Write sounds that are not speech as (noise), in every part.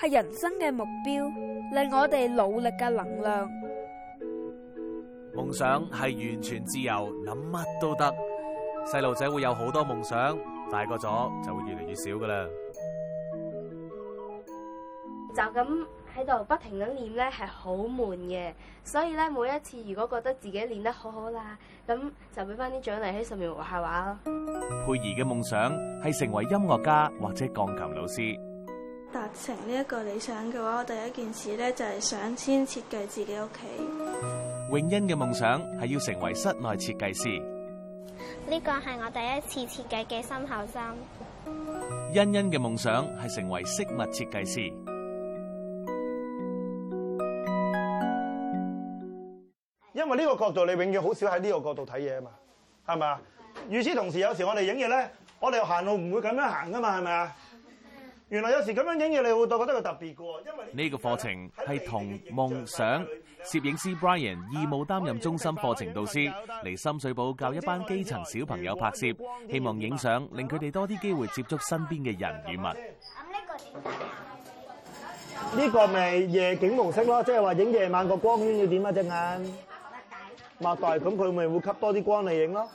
係人生嘅目標，令我哋努力嘅能量。夢想係完全自由，諗乜都得。細路仔會有好多夢想，大個咗就會越嚟越少噶啦。就咁喺度不停咁練咧，係好悶嘅。所以咧，每一次如果覺得自己練得好好啦，咁就俾翻啲獎勵喺上面畫下畫咯。佩儀嘅夢想係成為音樂家或者鋼琴老師。達成呢一個理想嘅話，我第一件事咧就係想先設計自己屋企。永欣嘅夢想係要成為室內設計師。呢個係我第一次設計嘅新校生。欣欣嘅夢想係成為飾物設計師。因為呢個角度你永遠好少喺呢個角度睇嘢啊嘛，係咪啊？與此同時，有時我哋影嘢咧，我哋行路唔會咁樣行噶嘛，係咪啊？原來有時咁樣影嘢，你會覺得佢特別嘅。因為呢個課程係同夢想攝影師 Brian 義務擔任中心課程導師，嚟深水埗教一班基層小朋友拍攝，希望影相令佢哋多啲機會接觸身邊嘅人與物。呢個咪夜景模式咯，即係話影夜晚個光圈要點啊？隻眼擘大，咁佢咪會吸多啲光嚟影咯。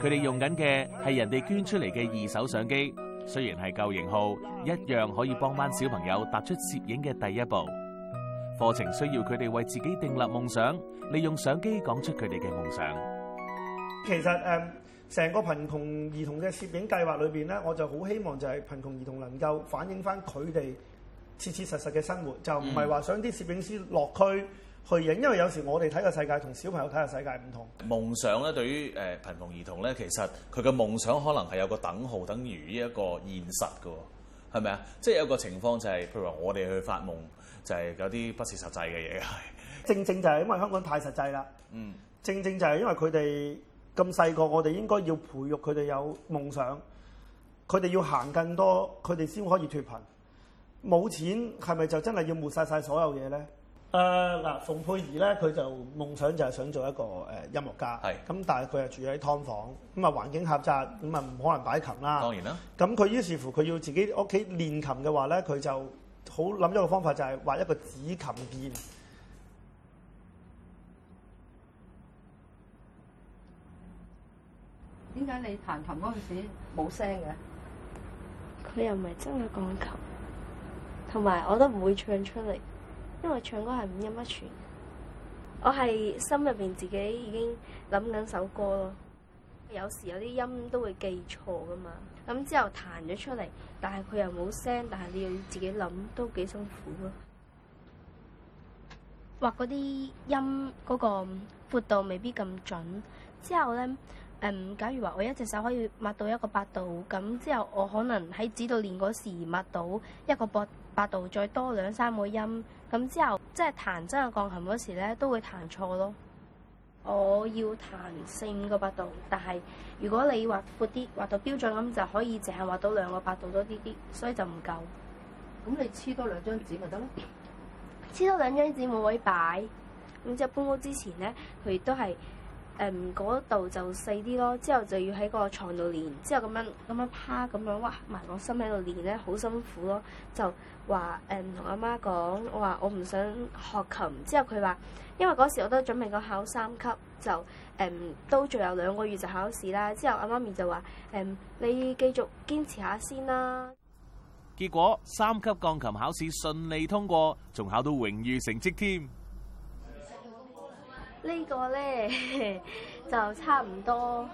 佢哋用緊嘅係人哋捐出嚟嘅二手相機。雖然係舊型號，一樣可以幫翻小朋友踏出攝影嘅第一步。課程需要佢哋為自己訂立夢想，利用相機講出佢哋嘅夢想。其實誒，嗯，成個貧窮兒童嘅攝影計劃裏邊咧，我就好希望就係貧窮兒童能夠反映翻佢哋切切實實嘅生活，就唔係話想啲攝影師落區，去影，因為有時我哋睇嘅世界同小朋友睇嘅世界唔同。夢想咧，對於誒、呃、貧窮兒童咧，其實佢嘅夢想可能係有個等號，等於呢一個現實嘅喎，係咪啊？即、就、係、是、有個情況就係、是，譬如話我哋去發夢，就係、是、有啲不切實際嘅嘢。 (laughs) 正正就係因為香港太實際啦。嗯。正正就係因為佢哋咁細個，我哋應該要培育佢哋有夢想。佢哋要行更多，佢哋先可以脱貧。冇錢係咪就真係要抹晒晒所有嘢咧？誒嗱，uh, 馮佩兒咧，佢就夢想就係想做一個誒音樂家。係咁是，但係佢係住喺劏房，咁啊環境狹窄，咁啊唔可能擺琴啦。當然啦。咁佢於是乎佢要自己屋企練琴嘅話咧，佢就好諗一個方法，就係畫一個紙琴鍵。點解你彈琴嗰陣時冇聲嘅？佢又唔係真係講琴，同埋我都唔會唱出嚟。因為唱歌係五音不全，我係心入邊自己已經諗緊首歌咯。有時有啲音都會記錯㗎嘛。咁之後彈咗出嚟，但係佢又冇聲，但係你又要自己諗，都幾辛苦咯。畫嗰啲音嗰個闊度未必咁準。之後呢，誒、嗯，假如話我一隻手可以抹到一個八度，咁之後我可能喺紙度練嗰時抹到一個八。八度再多兩三個音，咁之後即係彈真嘅鋼琴嗰時咧，都會彈錯咯。我要彈四五個八度，但係如果你畫闊啲，畫到標準咁就可以淨係畫到兩個八度多啲啲，所以就唔夠。咁你黐多兩張紙咪得咯？黐多兩張紙，冇位擺。咁即係搬屋之前咧，佢都係。誒、嗰度、嗯、就細啲咯，之後就要喺個床度練，之後咁樣咁樣趴樣，咁樣哇，埋個心喺度練咧，好辛苦咯。就話誒，同阿媽講，媽媽我話我唔想學琴，之後佢話，因為嗰時我都準備過考三級，就誒、嗯，都仲有兩個月就考試啦。之後阿媽咪就話，誒、嗯，你繼續堅持下先啦。結果三級鋼琴考試順利通過，仲考到榮譽成績添。個呢個咧 (laughs) 就差唔多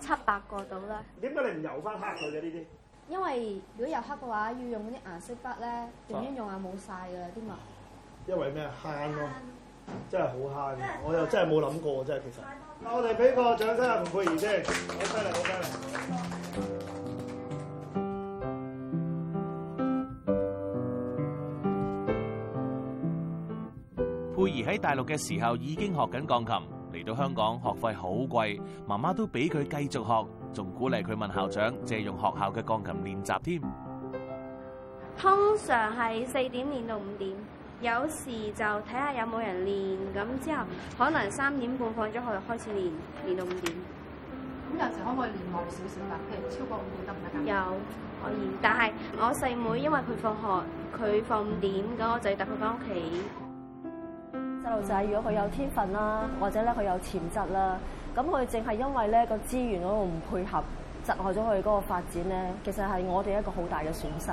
七百個度啦。點解你唔油返黑佢嘅呢啲？因為如果油黑嘅話，要用啲顏色筆咧，點樣用啊？冇晒㗎啦啲墨。因為咩慳咯？嗯、真係好慳，我又真係冇諗過，真係其實。嗯、我哋俾個掌聲阿吳佩儀先，好犀利，好犀利。嗯喺大陸嘅時候已經學緊鋼琴，嚟到香港學費好貴，媽媽都俾佢繼續學，仲鼓勵佢問校長借用學校嘅鋼琴練習添。通常係四點練到五點，有時就睇下有冇人練，咁之後可能三點半放咗學就開始練，練到五點。咁有時可唔可，可以練耐少少噶？即係超過五點得唔得？有可以，但係我細妹，妹因為佢放學，佢放五點，咁我就要搭佢翻屋企。細路仔，嗯嗯、如果佢有天分啦，或者咧佢有潛質啦，咁佢淨係因為咧個資源嗰度唔配合，窒害咗佢嗰個發展咧，其實係我哋一個好大嘅損失。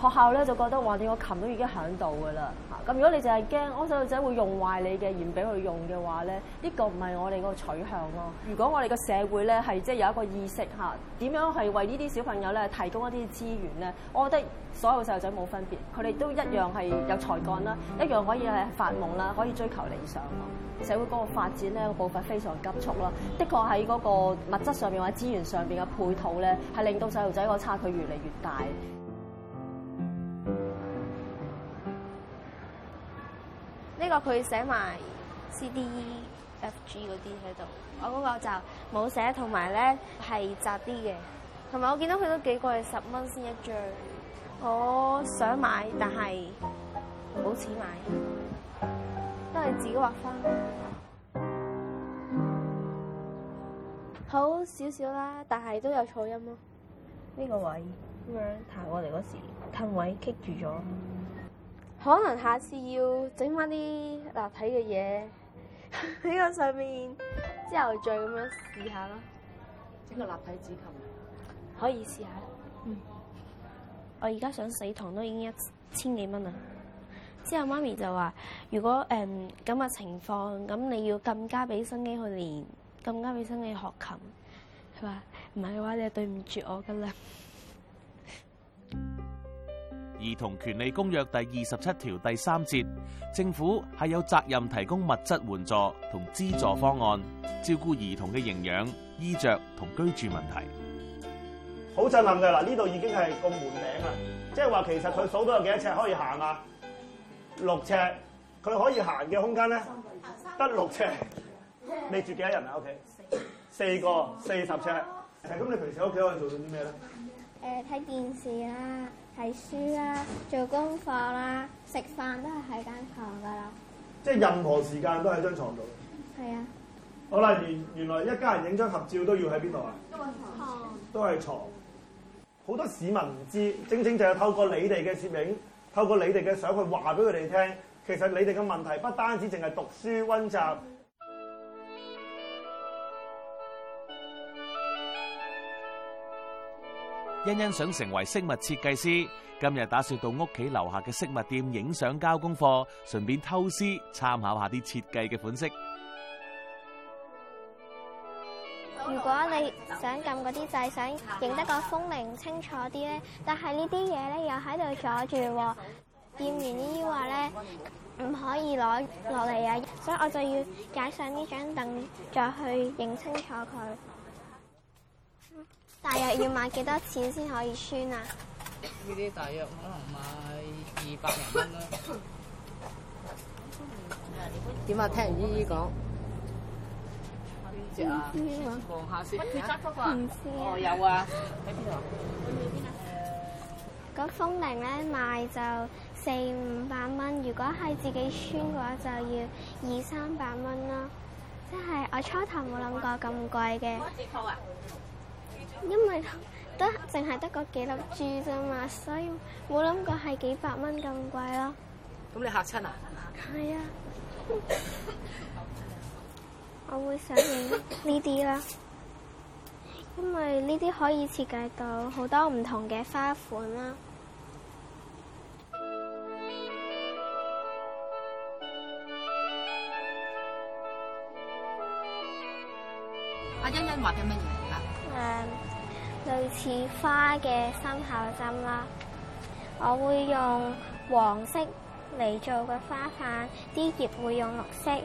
學校咧就覺得，話你個琴都已經響度噶啦。咁如果你淨係驚我細路仔會用壞你嘅，而唔俾佢用嘅話咧，呢個唔係我哋個取向咯。如果我哋個社會咧係即係有一個意識吓，點樣係為呢啲小朋友咧提供一啲資源咧？我覺得所有細路仔冇分別，佢哋都一樣係有才幹啦，一樣可以係發夢啦，可以追求理想咯。社會嗰個發展咧步伐非常急促啦，的確喺嗰個物質上面或者資源上邊嘅配套咧，係令到細路仔個差距越嚟越大。呢個佢寫埋 C D E F G 嗰啲喺度，我嗰個就冇寫，同埋咧係窄啲嘅，同埋我見到佢都幾貴，十蚊先一張。我想買，但係冇錢買，都係自己畫返。好少少啦，但係都有噪音咯。呢個位？咁樣彈我嚟嗰時，琴位棘住咗。可能下次要整翻啲立體嘅嘢喺個上面，之後再咁樣試下咯。整個立體紙琴可以試下。嗯，我而家上四堂都已經一千幾蚊啦。之後媽咪就話：如果誒咁嘅情況，咁你要更加俾心機去練，更加俾心機學琴，係嘛？唔係嘅話，你係對唔住我噶啦。《兒童權利公約》第二十七條第三節，政府係有責任提供物質援助同資助方案，照顧兒童嘅營養、衣着同居住問題。好震撼㗎喇！呢度已經係個門頂啊，即係話其實佢數到有幾多尺可以行啊？六尺，佢可以行嘅空間咧，得六尺。你住幾多人啊？屋企四個，四十尺。咁你平時喺屋企可以做到啲咩咧？誒、呃，睇電視啦。睇書啦、啊，做功課啦、啊，食飯都係喺間床㗎啦。即係任何時間都喺張床度。係啊。好啦，原原來一家人影張合照都要喺邊度啊？都係床，都係床。好、嗯、多市民唔知，正正就係透過你哋嘅攝影，透過你哋嘅相去話俾佢哋聽，其實你哋嘅問題不單止淨係讀書溫習。嗯欣欣想成為飾物設計師，今日打算到屋企樓下嘅飾物店影相交功課，順便偷師參考下啲設計嘅款式。如果你想撳嗰啲掣，想影得個風鈴清楚啲咧，但係呢啲嘢咧又喺度阻住。店員呢話咧唔可以攞落嚟啊，所以我就要解上呢張凳再去影清楚佢。大約要買幾多錢先可以穿啊？呢啲，大約可能買二百零蚊啦。點 (laughs) 啊？聽姨姨講。唔知啊、哦、有啊。喺邊度？喺、嗯、風鈴咧賣就四五百蚊，如果係自己穿嘅話就要二三百蚊囉。即、就、係、是、我初頭冇諗過咁貴嘅。因為都淨係得個幾粒珠啫嘛，所以冇諗過係幾百蚊咁貴咯。咁你嚇親啊？係啊，我會想影呢啲啦，因為呢啲可以設計到好多唔同嘅花款啦。阿、 (music) 啊、欣欣話：有乜嘢啊？誒。類似花嘅心口針啦，我會用黃色嚟做個花瓣，啲葉會用綠色，誒、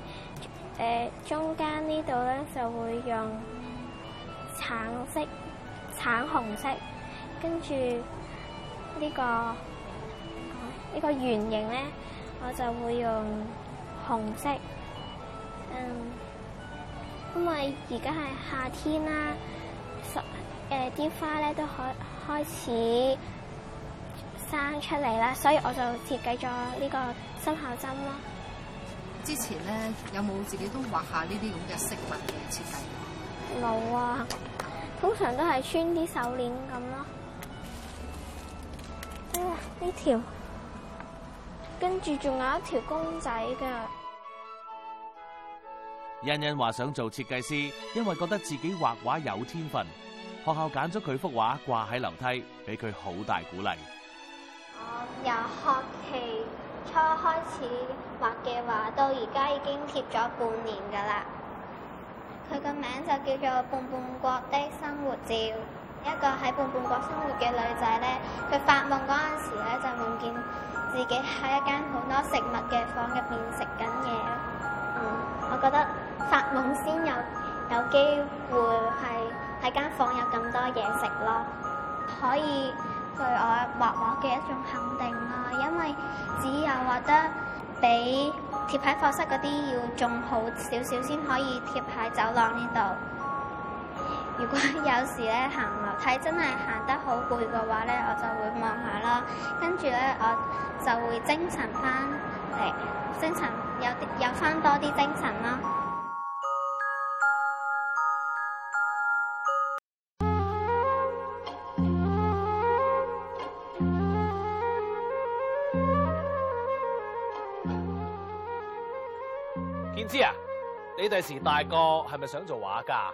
呃、中間呢度咧就會用橙色、橙紅色，跟住呢個呢、啊這個圓形咧，我就會用紅色，嗯，因為而家係夏天啦，十。誒，啲花咧都開開始生出嚟啦，所以我就設計咗呢個心口針咯。之前咧有冇自己都畫下呢啲咁嘅飾物嘅設計？冇啊，通常都係穿啲手鏈咁咯。呢、啊、條，跟住仲有一條公仔㗎。欣欣話想做設計師，因為覺得自己畫畫有天分。學校揀咗佢幅畫掛喺樓梯，俾佢好大鼓勵。我、嗯、由學期初開始畫嘅畫，到而家已經貼咗半年噶啦。佢個名就叫做《半半國的生活照》，一個喺半半國生活嘅女仔咧，佢發夢嗰陣時咧就夢見自己喺一間好多食物嘅房入邊食緊嘢。嗯、我覺得發夢先有有機會係。喺間房有咁多嘢食咯，可以對我畫畫嘅一種肯定啦。因為只有畫得比貼喺課室嗰啲要仲好少少，先可以貼喺走廊呢度。如果有時咧行樓梯真係行得好攰嘅話咧，我就會望下啦，跟住咧我就會精神翻嚟，欸，精神有啲有翻多啲精神啦。建知啊，你第時大個係咪想做畫家？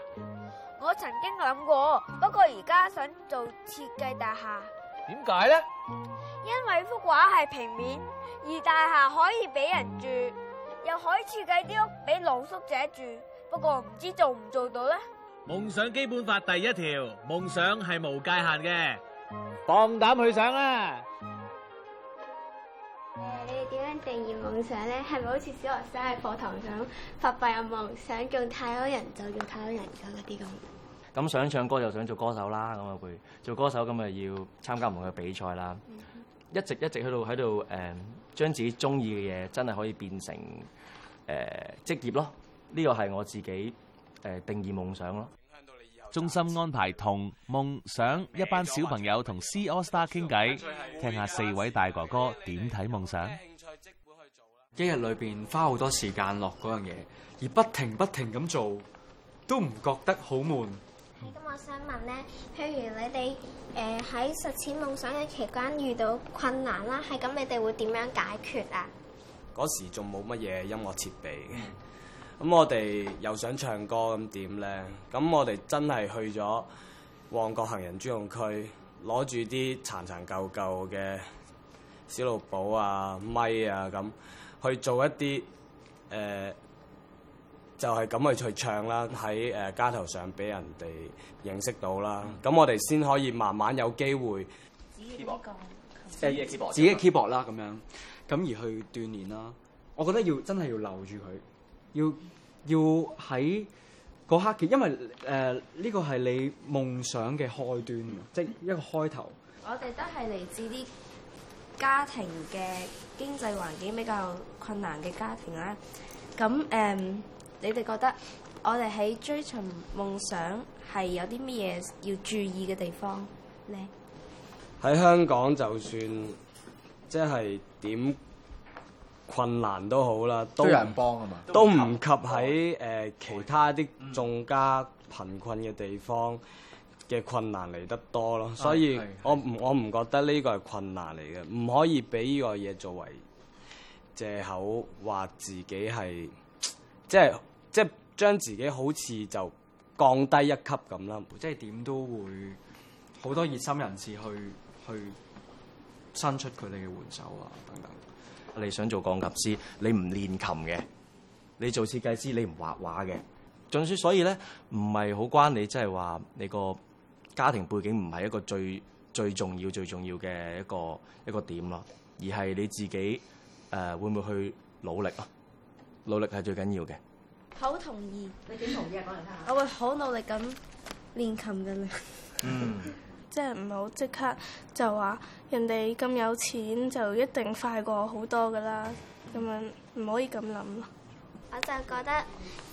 我曾經諗過，不過而家想做設計大廈。點解呢？因為幅畫係平面，而大廈可以俾人住，又可以設計啲屋俾露宿者住。不過唔知做唔做到呢。夢想基本法第一條，夢想係無界限嘅，放膽去想啦！你哋點樣定義夢想咧？係咪好似小學生喺課堂上發白日夢想，做太多人就要太多人咁嗰啲咁？咁想唱歌就想做歌手啦，咁啊會做歌手咁咪要參加唔同嘅比賽啦，一直一直喺度喺度誒，將自己中意嘅嘢真係可以變成誒職業咯。呢個係我自己誒定義夢想咯。中心安排同夢想一班小朋友同 C AllStar 傾偈，聽下四位大哥哥點睇夢想。即去做，一日裏邊花好多時間落嗰樣嘢，而不停不停咁做，都唔覺得好悶。係咁、嗯，我想問咧，譬如你哋誒喺實踐夢想嘅期間遇到困難啦，係咁，你哋會點樣解決啊？嗰時仲冇乜嘢音樂設備。咁我哋又想唱歌咁點咧？咁我哋真係去咗旺角行人專用區，攞住啲殘殘舊舊嘅小蘿蔔啊、咪啊咁去做一啲誒、呃，就係咁去去唱啦。喺誒街頭上俾人哋認識到啦。咁、嗯、我哋先可以慢慢有機會 keyboard 自己嘅 keyboard、嗰個、啦咁樣咁而去鍛鍊啦。我覺得要真係要留住佢。要要喺嗰刻嘅。因為誒呢、呃這個係你夢想嘅開端，即係一個開頭。我哋都係嚟自啲家庭嘅經濟環境比較困難嘅家庭啦。咁誒、呃、你哋覺得我哋喺追尋夢想係有啲乜嘢要注意嘅地方咧？喺香港就算即係點。就是困難都好啦，都有人幫啊嘛，都唔及喺誒、呃、其他啲更加貧困嘅地方嘅困難嚟得多咯。嗯、所以我、嗯我，我唔我唔覺得呢個係困難嚟嘅，唔可以俾呢個嘢作為借口，話自己係即係即係將自己好似就降低一級咁啦。即係點都會好多熱心人士去去伸出佢哋嘅援手啊，等等。你想做鋼琴師，你唔練琴嘅；你做設計師，你唔畫畫嘅。總之，所以咧唔係好關你，即係話你個家庭背景唔係一個最最重要、最重要嘅一個一個點咯，而係你自己誒、呃、會唔會去努力咯？努力係最緊要嘅。好同意，你點同意啊？講嚟聽下， (noise) (noise) 我會好努力咁練琴嘅咧。 (laughs) 嗯。 (noise) 即係唔好即刻就話人哋咁有錢就一定快過好多噶啦，咁樣唔可以咁諗咯。我就覺得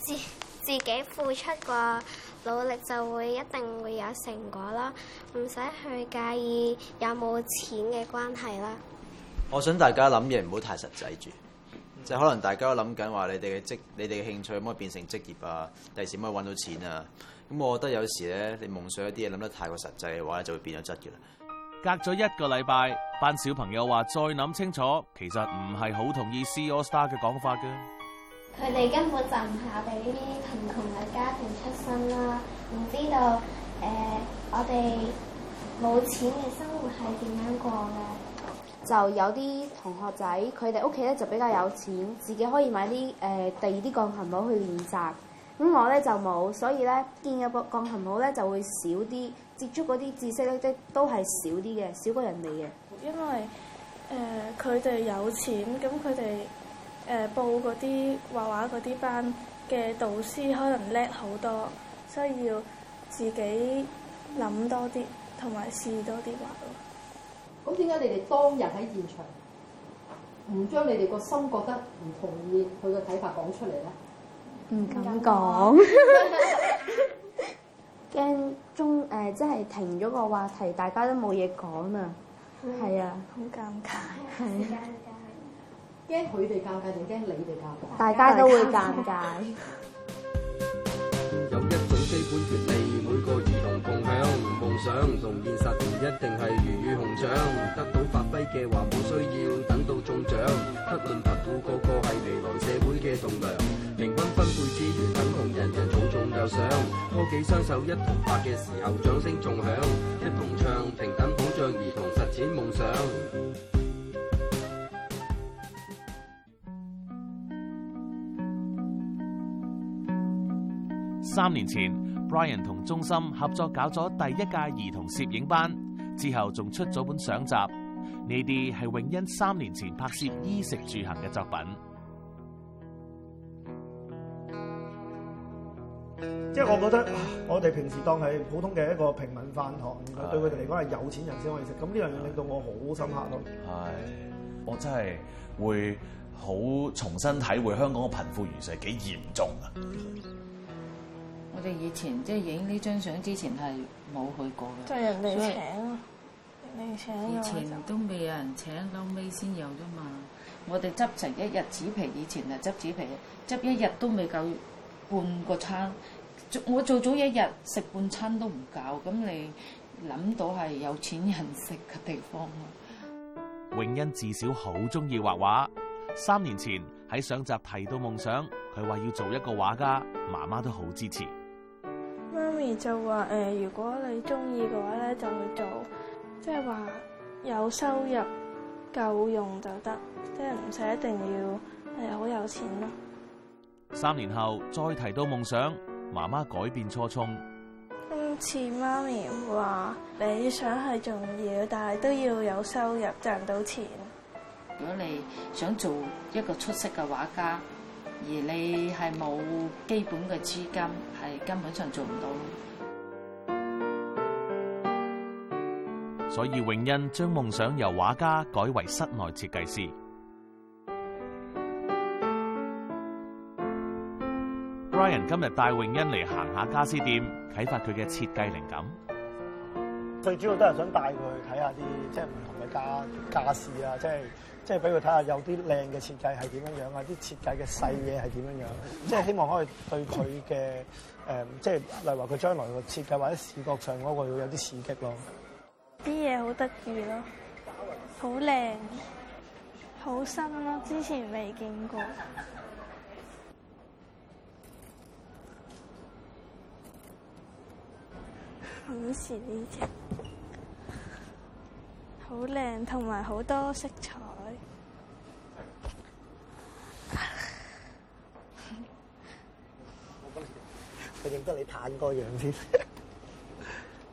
自自己付出過努力就會一定會有成果啦，唔使去介意有冇錢嘅關係啦。 (noise) 我想大家諗嘢唔好太實際住， (noise) 就可能大家都諗緊話你哋嘅職、你哋嘅興趣可唔可以變成職業啊？第時可唔可以揾到錢啊？咁我覺得有時咧，你夢想一啲嘢諗得太過實際嘅話，咧，就會變咗質嘅啦。隔咗一個禮拜，班小朋友話再諗清楚，其實唔係好同意 See All Star 嘅講法嘅。佢哋根本就唔考慮呢啲貧窮嘅家庭出身啦，唔知道誒、呃，我哋冇錢嘅生活係點樣過嘅。就有啲同學仔，佢哋屋企咧就比較有錢，自己可以買啲誒、呃、第二啲鋼琴攞去練習。咁我咧就冇，所以咧練個鋼鋼琴冇咧就會少啲接觸嗰啲知識咧，即都係少啲嘅，少過人哋嘅。因為誒佢哋有錢，咁佢哋誒報嗰啲畫畫嗰啲班嘅導師可能叻好多，所以要自己諗多啲，同埋試多啲畫咯。咁點解你哋當日喺現場唔將你哋個心覺得唔同意佢嘅睇法講出嚟咧？唔敢講，驚 (laughs) 中誒、呃，即係停咗個話題，大家都冇嘢講啊！係啊，好尷尬，係。驚佢哋尷尬定驚你哋尷尬？尷尬大家都會尷尬。 (laughs) (laughs) 有一種基本權利，每個兒童共享夢想同現實，唔一定係魚與熊掌得到發揮嘅話，冇需要。到中獎，不論貧富，個個係未來社會嘅棟梁。平均分配資源，等同人人重中又上，多幾雙手一同拍嘅時候，掌聲仲響，一同唱，平等保障兒童實踐夢想。三年前，Brian 同中心合作搞咗第一屆兒童攝影班，之後仲出咗本相集。呢啲係泳茵三年前拍攝衣食住行嘅作品，即係我覺得我哋平時當係普通嘅一個平民飯堂，的對佢哋嚟講係有錢人先可以食，咁呢樣嘢令到我好深刻咯。係，我真係會好重新體會香港嘅貧富懸殊係幾嚴重啊！我哋以前即係影呢張相之前係冇去過嘅，即係人哋以請以前都未有人請，到屘先有啫嘛。我哋執成一日紙皮，以前啊執紙皮，執一日都未夠半個餐。我做咗一日食半餐都唔夠，咁你諗到係有錢人食嘅地方？泳茵自小好中意畫畫，三年前喺上集提到夢想，佢話要做一個畫家，媽媽都好支持媽媽。媽咪就話：誒，如果你中意嘅話咧，就去做。即係話有收入夠用就得，即係唔使一定要誒好有錢咯。三年後再提到夢想，媽媽改變初衷。今次媽咪話理想係重要，但係都要有收入賺到錢。如果你想做一個出色嘅畫家，而你係冇基本嘅資金，係根本上做唔到。所以，泳茵將夢想由畫家改為室內設計師。 (music) Brian 今日帶泳茵嚟行下家私店，啟發佢嘅設計靈感。最主要都係想帶佢去睇下啲即係唔同嘅家家私啊，即係即係俾佢睇下有啲靚嘅設計係點樣樣啊，啲設計嘅細嘢係點樣樣，即係希望可以對佢嘅誒，即係例如話佢將來個設計或者視覺上嗰個要有啲刺激咯。啲嘢好得意咯，好靚，好新咯，之前未見過。 (laughs) 好神奇，好靚，同埋好多色彩。 (laughs) 我認得你攤嗰樣先，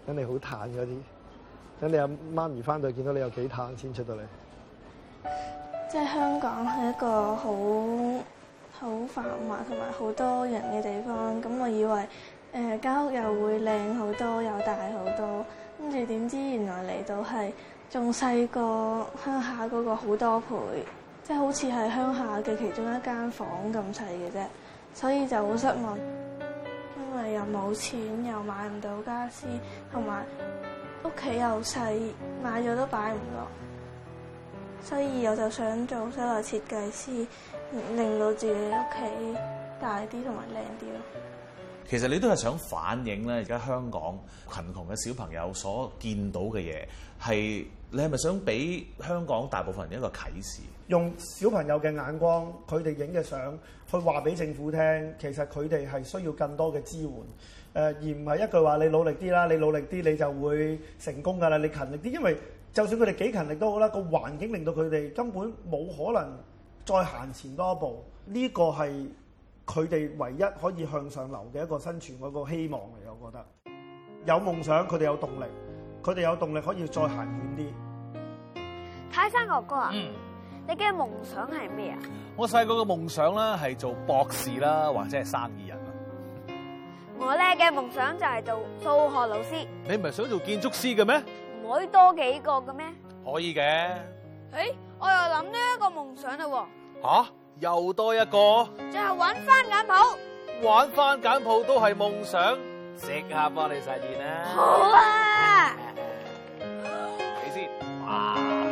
真係好攤嗰啲。等你阿媽咪翻到，見到你有幾攤先出到嚟。即係香港係一個好好繁華同埋好多人嘅地方，咁我以為誒，呃，間屋又會靚好多，又大好多，跟住點知原來嚟到係仲細過鄉下嗰個好多倍，即係好似係鄉下嘅其中一間房咁細嘅啫，所以就好失望，因為又冇錢，又買唔到家私，同埋，屋企又細，買咗都擺唔落，所以我就想做室內設計師，令到自己屋企大啲同埋靚啲咯。其實你都係想反映咧，而家香港貧窮嘅小朋友所見到嘅嘢，係你係咪想俾香港大部分人一個啟示？用小朋友嘅眼光，佢哋影嘅相，去話俾政府聽，其實，佢哋係需要更多嘅支援。誒、呃，而唔係一句話，你努力啲啦，你努力啲，你就會成功噶啦，你勤力啲。因為就算佢哋幾勤力都好啦，個環境令到佢哋根本冇可能再行前多一步。呢、這個，係佢哋唯一可以向上流嘅一個生存嗰個希望嚟。我覺得有夢想，佢哋有動力，佢哋有動力可以再行遠啲。泰山哥哥啊，嗯。你嘅夢想係咩啊？我細個嘅夢想咧係做博士啦，或者係生意人啦。我咧嘅夢想就係做數學老師。你唔係想做建築師嘅咩？唔可以多幾個嘅咩？可以嘅。誒，我又諗到一個夢想啦。吓，啊，又多一個？最後揾翻簡譜，揾翻簡譜都係夢想，即刻幫你實現啦。好啊吧， (laughs) 你先。